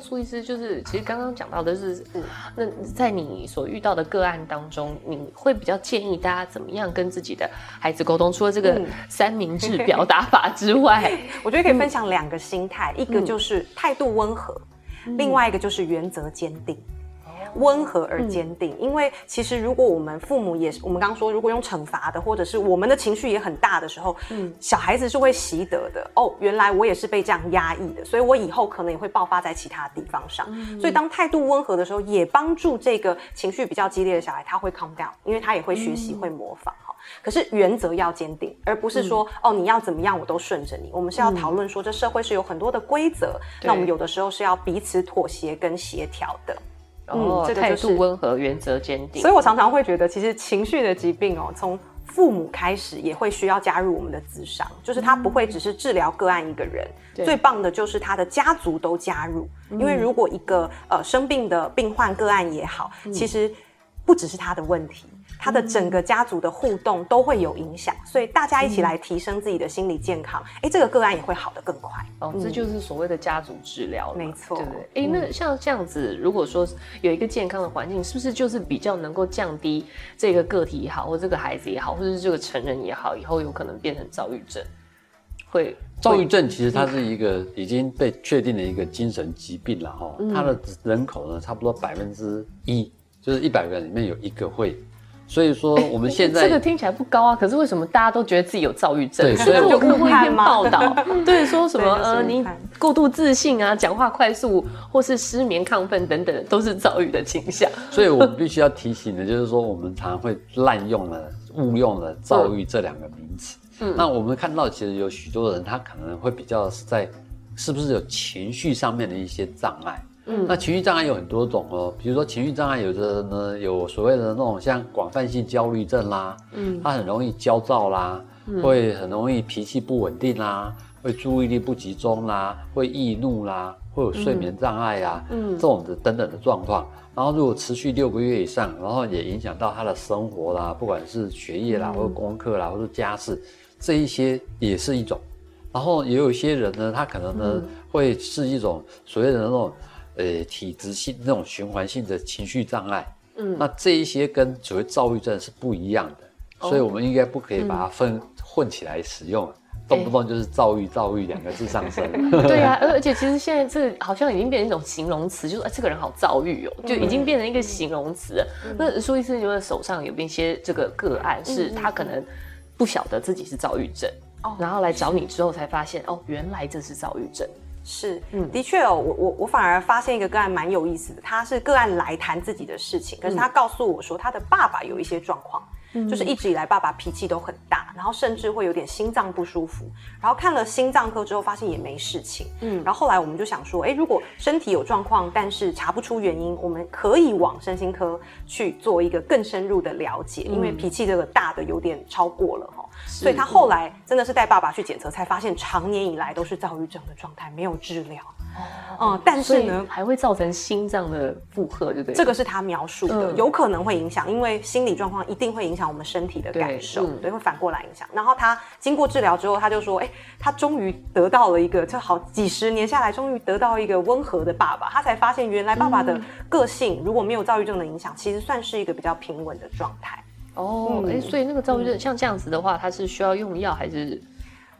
蘇醫師，就是其實剛剛講到的是、嗯，那在你所遇到的個案當中，你會比較建議大家怎麼樣跟自己的孩子溝通？除了這個三明治表達法之外，嗯、 我覺得可以分享兩個心態，嗯、一個就是態度溫和，嗯、另外一個就是原則堅定。溫和而堅定，嗯、因為其實如果我們父母也是，我們剛剛說，如果用懲罰的，或者是我們的情緒也很大的時候，嗯，小孩子是會習得的。哦，原來我也是被這樣壓抑的，所以我以後可能也會爆發在其他地方上。嗯、所以當態度溫和的時候，也幫助這個情緒比較激烈的小孩，他會 calm down，因為他也會學習、嗯、會模仿哈、哦。可是原則要堅定，而不是說、嗯、哦你要怎麼樣我都順着你。我們是要討論說，這社會是有很多的規則，嗯、那我們有的時候是要彼此妥協跟協調的。然後態度溫和，原則堅定。所以我常常會覺得，其實情緒的疾病哦，從父母開始也會需要加入我們的諮商，就是他不會只是治療個案一個人。對、嗯，最棒的就是他的家族都加入，嗯、因為如果一個呃生病的病患個案也好，嗯、其實不只是他的問題。他的整個家族的互動都會有影響，嗯、所以大家一起來提升自己的心理健康，哎、嗯欸，這個個案也會好得更快。哦，這就是所謂的家族治療，沒錯、嗯。對不對？哎、嗯欸，那像這樣子，如果說有一個健康的環境，是不是就是比較能夠降低這個個體也好，或者這個孩子也好，或者是這個成人也好，以後有可能變成躁鬱症？會，會躁鬱症其實它是一個已經被確定的一個精神疾病了哈，嗯、它的人口呢差不多百分之一，就是一百個人裡面有一個會。所以說我們現在、欸、這個聽起來不高啊，可是為什麼大家都覺得自己有躁鬱症？對，所以看過一篇報道，嗯、對，說什麼呃，你過度自信啊，講話快速，或是失眠、亢奮等等，都是躁鬱的傾向。所以，我必須要提醒的，就是說，我們常常會濫用了、誤 用了「躁鬱」這兩個名詞。嗯，那我們看到其實有許多人，他可能會比較在是不是有情緒上面的一些障礙。嗯，那情緒障礙有很多種哦，比如說情緒障礙有的呢，有所謂的那種像廣泛性焦慮症啦，嗯，他很容易焦躁啦，嗯、會很容易脾氣不穩定啦，嗯、會注意力不集中啦，會易怒啦，會有睡眠障礙啊，嗯，嗯，這種的等等的狀況。然後如果持續六個月以上，然後也影響到他的生活啦，不管是學業啦，嗯、或者功課啦，或者家事，這一些也是一種。然後也有些人呢，他可能呢、嗯、會是一種所謂的那種。呃，體質性那種循環性的情緒障礙，嗯，那這一些跟所謂躁鬱症是不一樣的，哦、所以我們應該不可以把它混、嗯、混起來使用，欸、動不動就是躁鬱躁鬱兩個字上身。 對啊，而且其實現在這好像已經變成一種形容詞，就是哎、欸，這個人好躁鬱哦、喔，嗯、就已經變成一個形容詞了。嗯、那蘇醫生，你們手上有一些這個個案，是他可能不曉得自己是躁鬱症，哦、嗯嗯，然後來找你之後才發現，哦，哦，原來這是躁鬱症。是，嗯，的確哦，我我我反而發現一個個案蠻有意思的，他是個案來談自己的事情，可是他告訴我說他的爸爸有一些狀況，嗯，就是一直以來爸爸脾氣都很大，然後甚至會有點心臟不舒服，然後看了心臟科之後發現也沒事情，嗯，然後後來我們就想說，哎，如果身體有狀況，但是查不出原因，我們可以往身心科去做一個更深入的了解，因為脾氣這個大的有點超過了哦。是所以他後來真的是帶爸爸去檢測，才發現長年以來都是躁鬱症的狀態，沒有治療。哦，嗯，啊、但是呢，還會造成心臟的負荷就對，對不對？這個是他描述的，嗯、有可能會影響，因為心理狀況一定會影響我們身體的感受，對，嗯、對，會反過來影響。然後他經過治療之後，他就說，誒、欸，他終於得到了一個，就好幾十年下來，終於得到一個溫和的爸爸。他才發現，原來爸爸的個性、嗯、如果沒有躁鬱症的影響，其實算是一個比較平穩的狀態。哦，哎，所以那個躁鬱症像這樣子的話，它是需要用藥還是？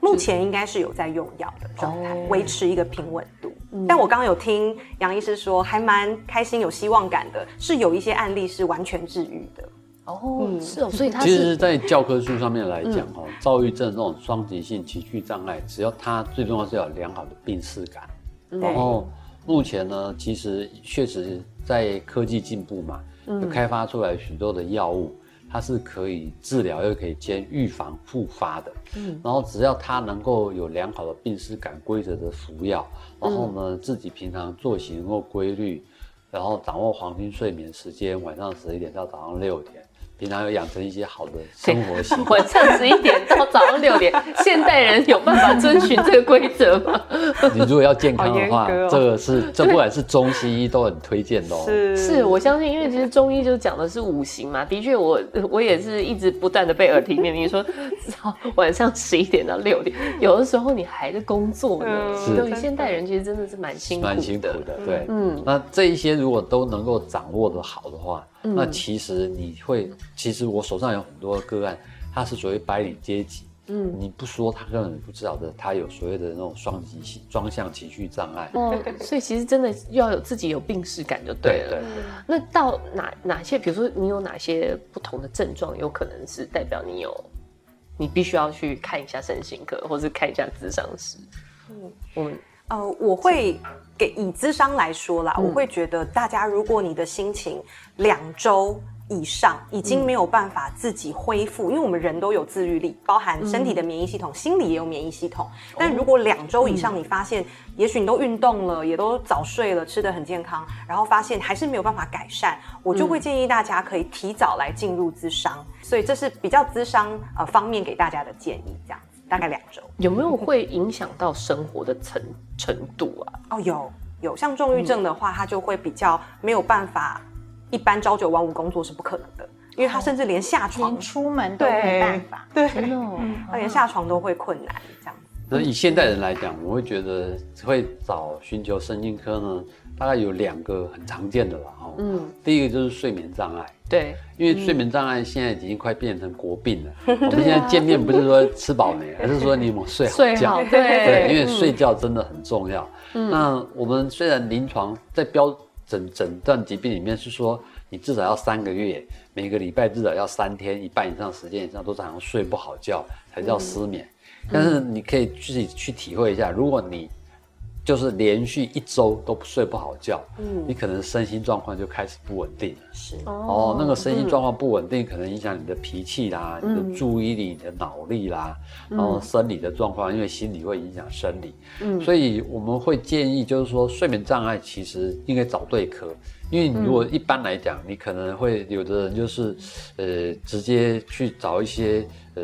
目前應該是有在用藥的狀態，維持一個平穩度。但我剛剛有聽楊醫師說，還蠻開心有希望感的，是有一些案例是完全治癒的。哦，是哦，所以他其實在教科書上面來講哦，躁鬱症這種雙極性情緒障礙，只要它最重要是要有良好的病識感。然後目前呢，其實確實在科技進步嘛，就開發出來許多的藥物。它是可以治療，又可以兼預防復發的。嗯，然後只要它能夠有良好的病識感，規則的服藥，然後呢，自己平常作息能夠規律，然後掌握黃金睡眠時間，晚上十一點到早上六點。平常要養成一些好的生活習慣，晚上十一點到早上六點， 現代人有辦法遵循這個規則嗎？你如果要健康的話，哦、這個是這不管是中西醫都很推薦的、哦。是，是我相信，因為其實中醫就講的是五行嘛，的確我，我我也是一直不斷的被耳提面命，命說，晚上十一點到六點，有的時候你還在工作呢，嗯、對，是的現代人其實真的是蠻辛苦的。蠻辛苦的，對，嗯，那這一些如果都能夠掌握得好的話。那其實你會，嗯、其實我手上有很多個案，他是屬於白領階級，嗯，你不說他根本不知道的，他有所謂的那種雙極雙相情緒障礙，哦，所以其實真的要有自己有病識感就對了。對對對那到哪哪些，比如說你有哪些不同的症狀，有可能是代表你有，你必須要去看一下身心科或是看一下諮商師，嗯，我們。呃，我會給以諮商來說啦，嗯、我會覺得大家，如果你的心情兩周以上已經沒有辦法自己恢復，嗯、因為我們人都有自愈力，包含身體的免疫系統，嗯、心理也有免疫系統。但如果兩周以上，你發現，也許你都運動了，嗯、也都早睡了，吃得很健康，然後發現還是沒有辦法改善，嗯、我就會建議大家可以提早來進入諮商，所以這是比較諮商呃方面給大家的建議，這樣。大概兩周、嗯，有沒有會影響到生活的程程度啊？哦，有有，像重鬱症的話，他、嗯、就會比較沒有辦法，一般朝九晚五工作是不可能的，因為他甚至連下床、哦、連出門都沒辦法。對，他連下床都會困難，嗯、這樣。那以現代人來講，我會覺得會找尋求身心科呢，大概有兩個很常見的啦。嗯，第一個就是睡眠障礙。對，嗯、因為睡眠障礙現在已經快變成國病了。啊、我們現在見面不是說吃飽沒，對對對，而是說你有沒有睡好覺？對，對對，因為睡覺真的很重要。嗯、那我們雖然臨床在標準診斷疾病裡面是說，你至少要三個月。每個禮拜至少要三天，一半以上時間以上都常常睡不好覺，才叫失眠。嗯嗯、但是你可以自己去體會一下，如果你就是連續一周都睡不好覺，嗯，你可能身心狀況就開始不穩定了。是哦，嗯、那個身心狀況不穩定，可能影響你的脾氣啦，嗯、你的注意力、你的腦力啦，嗯、然後生理的狀況，因為心理會影響生理。嗯，所以我們會建議，就是說睡眠障礙其實應該找對科。因為你如果一般來講，嗯、你可能會有的人就是，呃，直接去找一些呃，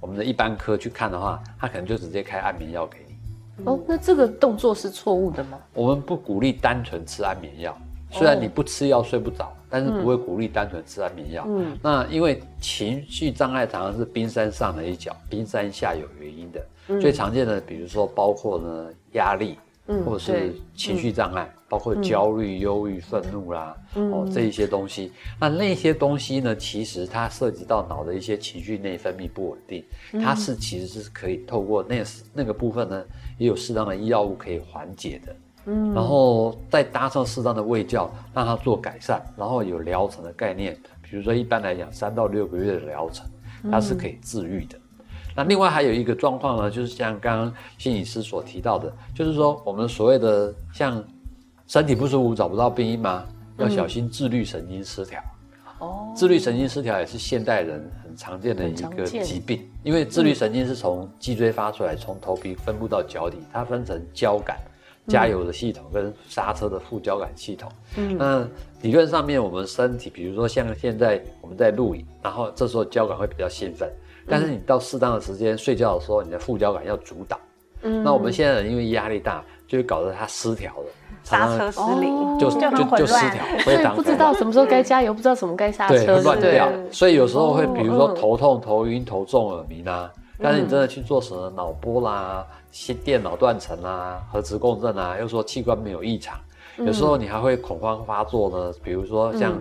我們的一般科去看的話，他可能就直接開安眠藥給你。嗯、哦，那這個動作是錯誤的嗎？我們不鼓勵單純吃安眠藥，雖然你不吃藥睡不着，哦、但是不會鼓勵單純吃安眠藥。嗯、那因為情緒障礙常常是冰山上的一角，冰山下有原因的。嗯、最常見的，比如說包括呢壓力，嗯、或者是情緒障礙。嗯嗯嗯包括焦慮、憂鬱、嗯、憤怒啦、啊，嗯、哦，這一些東西，那那些東西呢？其實它涉及到腦的一些情緒內分泌不穩定，嗯、它是其實是可以透過那個、那個部分呢，也有適當的醫藥物可以緩解的。嗯，然後再搭上適當的衛教讓它做改善，然後有療程的概念，比如說一般來講三到六個月的療程，它是可以治癒的。嗯、那另外還有一個狀況呢，就是像剛剛心理師所提到的，就是說我們所謂的像。身體不舒服找不到病因嗎？要小心自律神經失調。哦、嗯，自律神經失調也是現代人很常見的一個疾病，因為自律神經是從脊椎發出來，從頭皮分布到腳底，嗯、它分成交感加油的系統跟剎車的副交感系統。嗯，那理論上面，我們身體比如說像現在我們在錄影，然後這時候交感會比較興奮，但是你到適當的時間睡覺的時候，你的副交感要主導。嗯，那我們現在人因為壓力大，就會搞得它失調了。剎車失靈就就就失調，所以不知道什麼時候該加油，不知道什麼該剎車。對，亂掉。所以有時候會，比如說頭痛、頭暈、頭重、耳鳴啦。但是你真的去做什麼腦波啦、心電腦斷層啦、核磁共振啊，又說器官沒有異常。有時候你還會恐慌發作呢，比如說像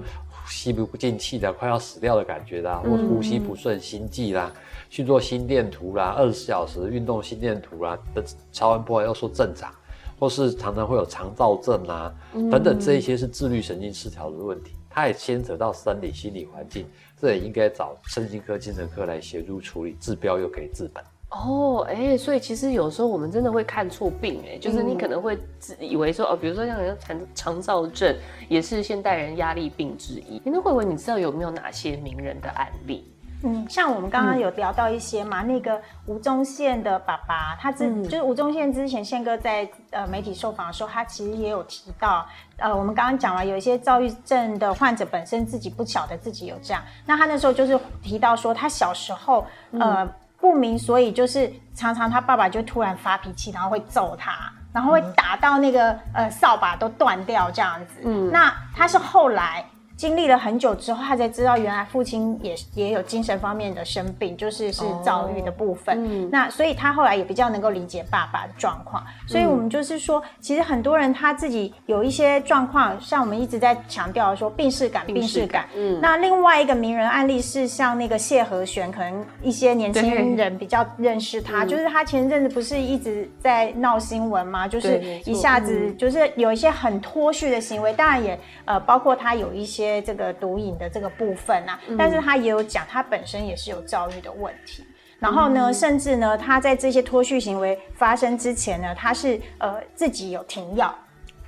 吸不不進氣的、快要死掉的感覺的，或呼吸不順、心悸啦，去做心電圖啦、二十四小時運動心電圖啦，的，超音波又說正常。或是常常會有腸躁症啊，嗯、等等，這一些是自律神經失調的問題，它也牽扯到生理、心理環境，這也應該找身心科、精神科來協助處理，治標又可以治本。哦，哎、欸，所以其實有時候我們真的會看錯病、欸，哎，就是你可能會自以為說，嗯、哦，比如說像人家腸腸躁症也是現代人壓力病之一。那惠雯，你知道有沒有哪些名人的案例？嗯，像我們剛剛有聊到一些嘛，嗯、那個吳宗憲的爸爸，他之、嗯、就是吳宗憲之前憲哥在呃媒體受訪的時候，他其實也有提到，呃，我們剛剛講了，有一些躁鬱症的患者本身自己不曉得自己有這樣，那他那時候就是提到說，他小時候、嗯、呃不明所以，就是常常他爸爸就突然發脾氣，然後會揍他，然後會打到那個、嗯、呃掃把都斷掉這樣子。嗯，那他是後來。經歷了很久之後，他才知道原來父親也也有精神方面的生病，就是是躁鬱的部分。哦，嗯、那所以他後來也比較能夠理解爸爸的狀況。所以我們就是說，嗯、其實很多人他自己有一些狀況，像我們一直在強調說病識感、病識感。嗯。那另外一個名人案例是像那個謝和弦，可能一些年輕人比較認識他，嗯、就是他前陣子不是一直在鬧新聞嗎？就是一下子就是有一些很脫序的行為，當然也呃包括他有一些。這個毒癮的這個部分啊，但是他也有講，他本身也是有躁鬱的問題。嗯、然後呢，甚至呢，他在這些脫序行為發生之前呢，他是呃自己有停藥，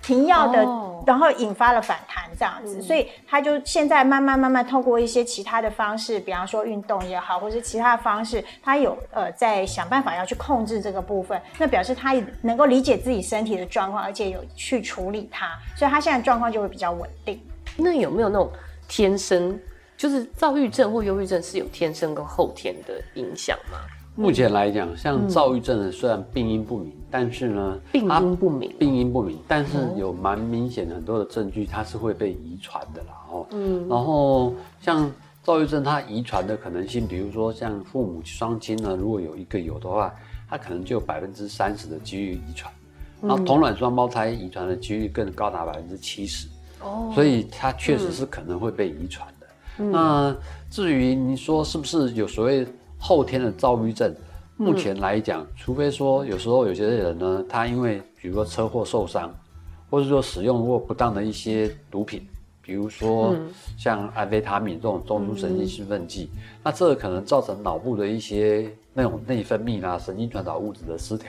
停藥的，哦、然後引發了反彈這樣子。嗯、所以他就現在慢慢慢慢透過一些其他的方式，比方說運動也好，或者是其他的方式，他有呃在想辦法要去控制這個部分。那表示他能夠理解自己身體的狀況，而且有去處理它，所以他現在狀況就會比較穩定。那有沒有那種天生就是躁鬱症或憂鬱症？是有天生跟後天的影響嗎？目前來講，像躁鬱症雖然病因不明，嗯、但是呢，病因不明，病因不明，但是有蠻明顯的很多的證據，它是會被遺傳的啦。哦，嗯，然後像躁鬱症它遺傳的可能性，比如說像父母雙親呢，如果有一個有的話，它可能就有百分之三十的幾率遺傳，然後同卵雙胞胎遺傳的幾率更高達百分之七十。哦，oh, 所以它確實是可能會被遺傳的。嗯、那至於你說是不是有所謂後天的躁鬱症，嗯、目前來講，除非說有時候有些人呢，他因為比如說車禍受傷，或者說使用過不當的一些毒品，比如說像安非他命這種中樞神經興奮劑，嗯、那這個可能造成腦部的一些那種內分泌啦、啊、神經傳導物質的失調。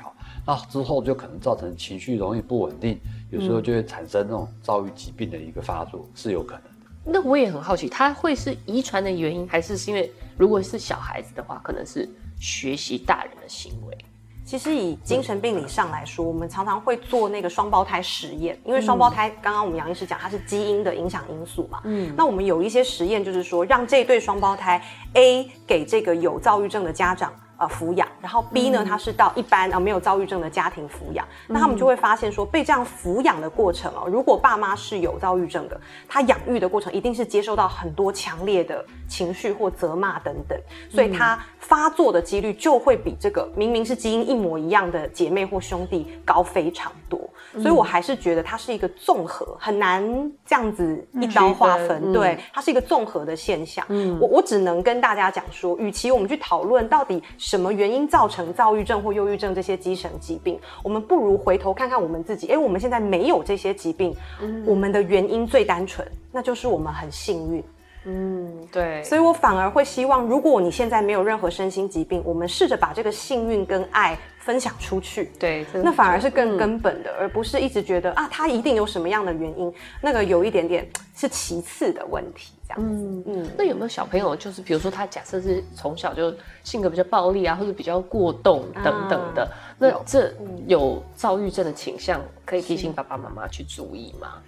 之後就可能造成情緒容易不穩定，有時候就會產生那種躁鬱疾病的一個發作，嗯、是有可能的。那我也很好奇，他會是遺傳的原因，還是是因為如果是小孩子的話，可能是學習大人的行為。其實以精神病理上來說，對我們常常會做那個雙胞胎實驗，因為雙胞胎、嗯、剛剛我們楊醫師講，它是基因的影響因素嘛。嗯，那我們有一些實驗就是說，讓這對雙胞胎 A 給這個有躁鬱症的家長。啊，撫、呃、養，然後 B 呢，他、嗯、是到一般啊、呃、沒有躁鬱症的家庭撫養，嗯、那他們就會發現說，被這樣撫養的過程哦，如果爸媽是有躁鬱症的，他養育的過程一定是接受到很多強烈的情緒或責罵等等，所以他發作的幾率就會比這個、嗯、明明是基因一模一樣的姐妹或兄弟高非常多。所以我還是覺得它是一個綜合，很難這樣子一刀劃分，對，它是一個綜合的現象。嗯、我我只能跟大家講說，與其我們去討論到底。什麼原因造成躁鬱症或憂鬱症這些精神疾病？我們不如回頭看看我們自己。誒、欸，我們現在沒有這些疾病，嗯、我們的原因最單純，那就是我們很幸運。嗯，對。所以我反而會希望，如果你現在沒有任何身心疾病，我們試着把這個幸運跟愛。分享出去，對，那反而是更根本的，嗯、而不是一直覺得啊，他一定有什麼樣的原因，那個有一點點是其次的問題，這樣子。嗯嗯，嗯，那有沒有小朋友就是，比如說他假設是從小就性格比較暴力啊，或者比較過動等等的，啊、那這有躁鬱症的傾向，嗯、可以提醒爸爸媽媽去注意嗎？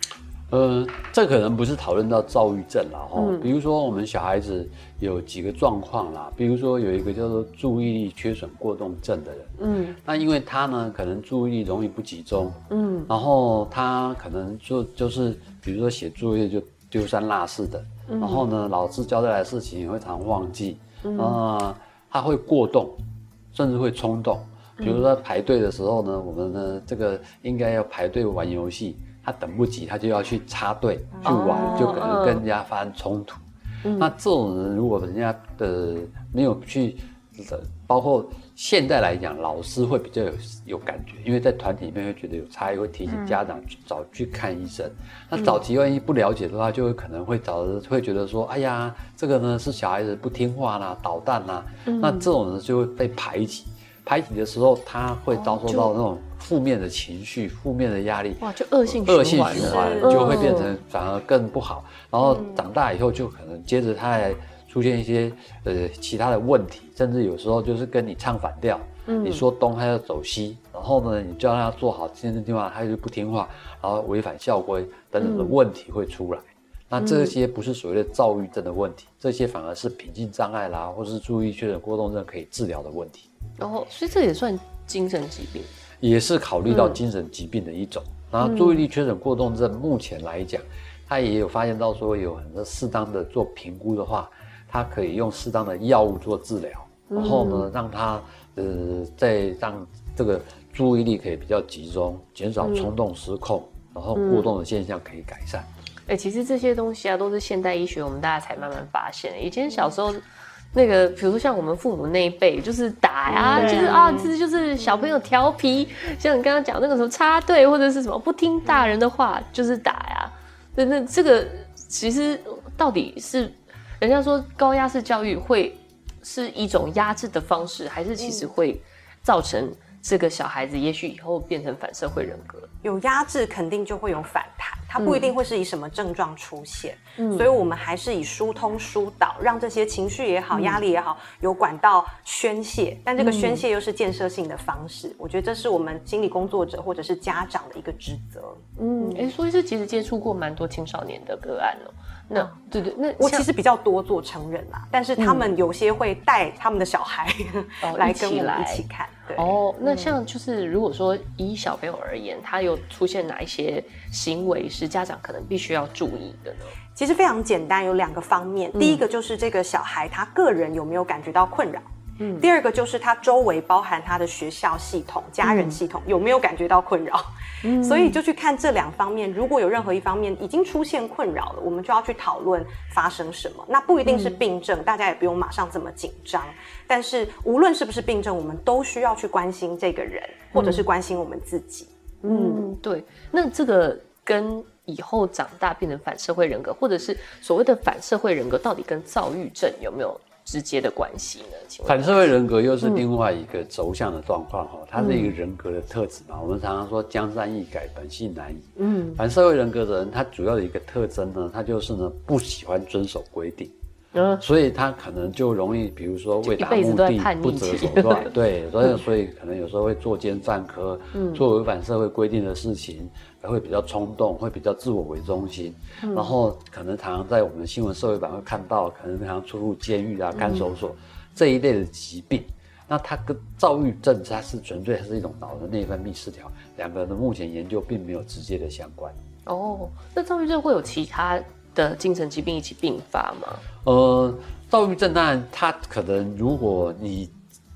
呃，這可能不是討論到躁鬱症了哈。嗯、比如說，我們小孩子有幾個狀況啦，比如說有一個叫做注意力缺損過動症的人。嗯，那因為他呢，可能注意力容易不集中。嗯，然後他可能就就是，比如說寫作業就丟三落四的，嗯、然後呢，老師交代來的事情也會常忘記。嗯、呃，他會過動，甚至會衝動。比如說在排隊的時候呢，嗯、我們呢這個應該要排隊玩遊戲。他等不及，他就要去插隊，去玩，哦、就可能跟人家發生衝突。嗯、那這種人，如果人家的、呃、沒有去，包括現在來講，老師會比較有有感覺，因為在團體裡面會覺得有差異，會提醒家長去早、嗯、去看醫生。那早期萬一不了解的話，就會可能會找，會覺得說，哎呀，這個呢是小孩子不聽話啦，搗蛋啦。嗯、那這種人就會被排擠。排擠的時候，他會遭受到那種負面的情緒、負、哦、面的壓力，哇，就惡性、呃、惡性循環，就會變成反而更不好。呃、然後長大以後，就可能接着他還出現一些、嗯、呃其他的問題，甚至有時候就是跟你唱反調，嗯、你說東，他要走西。然後呢，你就讓他做好今天的情的話，他就不聽話，然後違反校規等等的問題會出來。嗯、那這些不是所謂的躁鬱症的問題，嗯、這些反而是平靜障礙啦，或是注意缺陷過動症可以治療的問題。然後、哦，所以這也算精神疾病，也是考慮到精神疾病的一種。嗯、然後，注意力缺損過動症目前來講，它、嗯、也有發現到說，有很多適當的做評估的話，它可以用適當的藥物做治療。然後呢，嗯、讓它呃，在讓這個注意力可以比較集中，減少衝動失控，嗯、然後過動的現象可以改善。哎、欸，其實這些東西啊，都是現代醫學我們大家才慢慢發現的。以前小時候。那個，比如說像我們父母那一輩，就是打呀，就是啊，這就是小朋友調皮，像你剛剛講那個什麼插隊或者是什麼不聽大人的話，就是打呀。那那這個其實到底是人家說高壓式教育會是一種壓制的方式，還是其實會造成這個小孩子也許以後變成反社會人格？有壓制肯定就會有反彈。它不一定會是以什麼症狀出現，嗯，所以我們還是以疏通疏導，讓這些情緒也好、嗯，壓力也好有管道宣泄，但這個宣泄又是建設性的方式。嗯，我覺得這是我們心理工作者或者是家長的一個職責。嗯，哎，嗯，所以這其實接觸過蠻多青少年的個案哦。那對對，那我其實比較多做成人啦，但是他們有些會帶他們的小孩來跟我們一起看。對哦，哦，那像就是如果說以小朋友而言，他有出現哪一些行為是家長可能必須要注意的呢？其實非常簡單，有兩個方面。第一個就是這個小孩他個人有沒有感覺到困擾。嗯，第二個就是他周圍包含他的學校系統、家人系統，嗯，有沒有感覺到困擾？嗯，所以就去看這兩方面，如果有任何一方面已經出現困擾了，我們就要去討論發生什麼。那不一定是病症，嗯，大家也不用馬上這麼緊張。但是無論是不是病症，我們都需要去關心這個人，或者是關心我們自己。嗯，嗯對。那這個跟以後長大變成反社會人格，或者是所謂的反社會人格，到底跟躁鬱症有沒有？之間的關係呢？反社會人格又是另外一個軸向的狀況哈，嗯、它是一個人格的特質嘛。嗯、我們常常說江山易改，本性難移。嗯，反社會人格的人，他主要的一個特徵呢，他就是呢不喜歡遵守規定。 所以他可能就容易，比如說，為達目的不擇手段， 對，所以 所以可能有時候會作奸犯科， 做違反社會規定的事情，還、嗯、會比較衝動，會比較自我為中心，嗯、然後可能常常在我們新聞、社會版會看到，可能常常出入監獄啊、看守所、嗯、這一類的疾病。那他跟躁鬱症，它是純粹是一種腦的內分泌失調，兩個人的目前研究並沒有直接的相關。哦，那躁鬱症會有其他的精神疾病一起併發嗎？呃，躁鬱症呢，他它可能如果你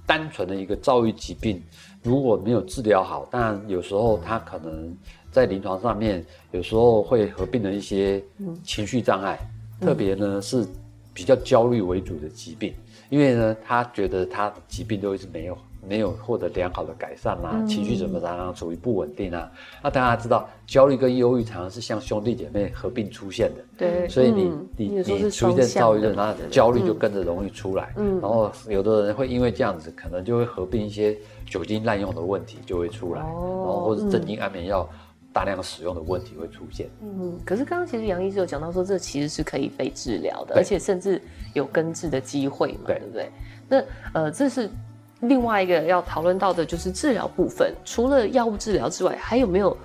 單純的一個躁鬱疾病，如果沒有治療好，當然有時候它可能在臨床上面有時候會合併了一些情緒障礙，嗯、特別呢是比較焦慮為主的疾病，因為呢他覺得他的疾病就一直沒有。沒有獲得良好的改善，情緒怎麼常常處於不穩定。那大家知道，焦慮跟憂鬱常常是像兄弟姐妹合併出現的。對，所以你你你出現焦慮的話，焦慮就跟着容易出來。嗯，然後有的人會因為這樣子，可能就會合併一些酒精濫用的問題就會出來，然後或者鎮靜安眠藥大量使用的問題會出現。嗯，可是剛剛其實楊醫生有講到說，這其實是可以被治療的，而且甚至有根治的機會，對不對？那呃，這是。另外一個要討論到的就是治療部分，除了藥物治療之外，還有沒有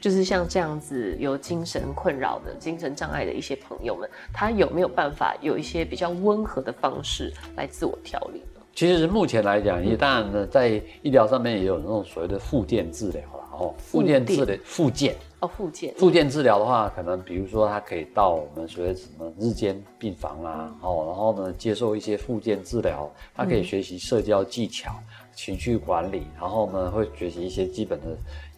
就是像這樣子有精神困擾的精神障礙的一些朋友們，他有沒有辦法有一些比較溫和的方式來自我調理呢？其實目前來講，也當然呢，在醫療上面也有那種所謂的復健治療。哦，復健治療，復健哦，復健。復健治療的話，可能比如說他可以到我們所謂什麼日間病房啊，嗯、哦，然後呢，接受一些復健治療，他可以學習社交技巧、嗯、情緒管理，然後呢會學習一些基本的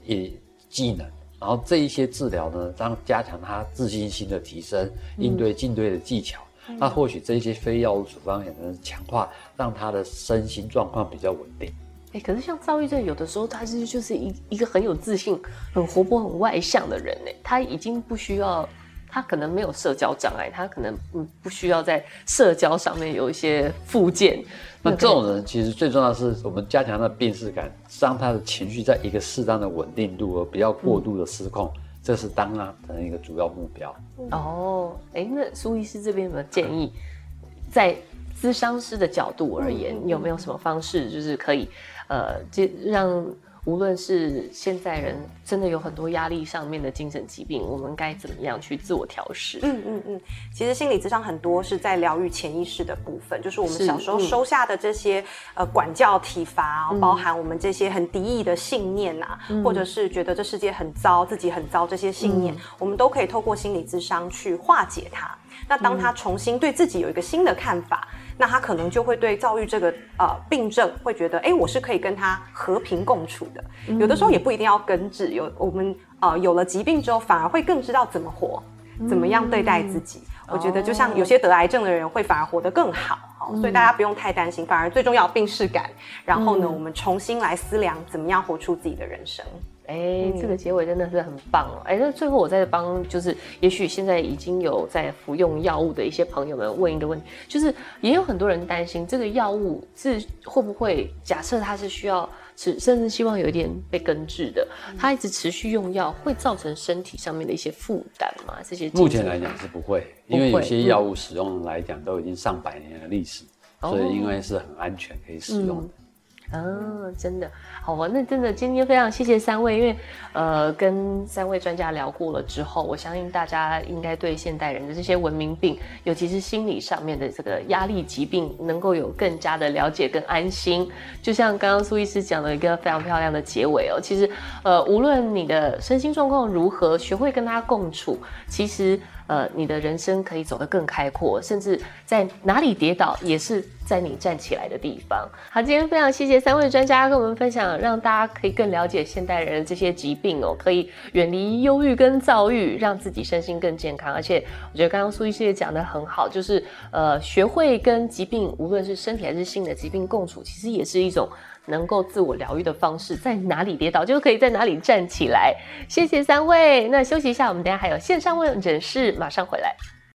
一技能，然後這一些治療呢，將加強他自信心的提升，嗯、應對進退的技巧，嗯、那或許這一些非藥物處方也能強化，讓他的身心狀況比較穩定。哎、欸，可是像躁鬱症，有的時候他是就是一一個很有自信、很活潑、很外向的人呢、欸。他已經不需要，他可能沒有社交障礙，他可能不不需要在社交上面有一些附件。那這種人其實最重要的是，我們加強他的病識感，讓他的情緒在一個適當的穩定度，而不要過度的失控。嗯、這是當然的一個主要目標。嗯、哦，哎、欸，那蘇醫師這邊有沒有建議，在諮商師的角度而言，嗯、有沒有什麼方式就是可以？呃，這讓無論是現在人真的有很多壓力上面的精神疾病，我們該怎麼樣去自我調試？嗯嗯嗯，其實心理諮商很多是在療癒潛意識的部分，就是我們小時候收下的這些、嗯、呃管教體罰、啊，嗯、包含我們這些很敵意的信念吶、啊，嗯、或者是覺得這世界很糟，自己很糟這些信念，嗯、我們都可以透過心理諮商去化解它。那當他重新對自己有一個新的看法，嗯、那他可能就會對躁鬱這個呃病症，會覺得，誒、欸，我是可以跟他和平共處的。嗯、有的時候也不一定要根治，有我們呃有了疾病之後，反而會更知道怎麼活，嗯、怎麼樣對待自己。嗯、我覺得就像有些得癌症的人會反而活得更好，哦、所以大家不用太擔心，反而最重要病識感，然後呢，嗯、我們重新來思量怎麼樣活出自己的人生。哎、欸，這個結尾真的是很棒哦，喔！哎、欸，那最後我再幫，就是也許現在已經有在服用藥物的一些朋友們問一個問題，就是也有很多人擔心這個藥物是會不會，假設它是需要持，甚至希望有一點被根治的，它一直持續用藥會造成身體上面的一些負擔嗎？這些目前來講是不會，因為有些藥物使用來講都已經上百年的歷史，嗯、所以因為是很安全可以使用的。嗯、哦，真的，好，那真的，今天非常謝謝三位，因為，呃，跟三位專家聊過了之後，我相信大家應該對現代人的這些文明病，尤其是心理上面的這個壓力疾病，能夠有更加的了解，跟安心。就像剛剛蘇醫師講的一個非常漂亮的結尾哦，其實，呃，無論你的身心狀況如何，學會跟他共處，其實。呃，你的人生可以走得更開闊，甚至在哪裡跌倒，也是在你站起來的地方。好，今天非常謝謝三位專家跟我們分享，讓大家可以更了解現代人的這些疾病哦，可以遠離憂鬱跟躁鬱，讓自己身心更健康。而且我覺得剛剛蘇醫師也講得很好，就是呃，學會跟疾病，無論是身體還是心理的疾病共處，其實也是一種。能夠自我療癒的方式，在哪裡跌倒就可以在哪裡站起來。謝謝三位，那休息一下，我們等下還有線上問診室，馬上回來。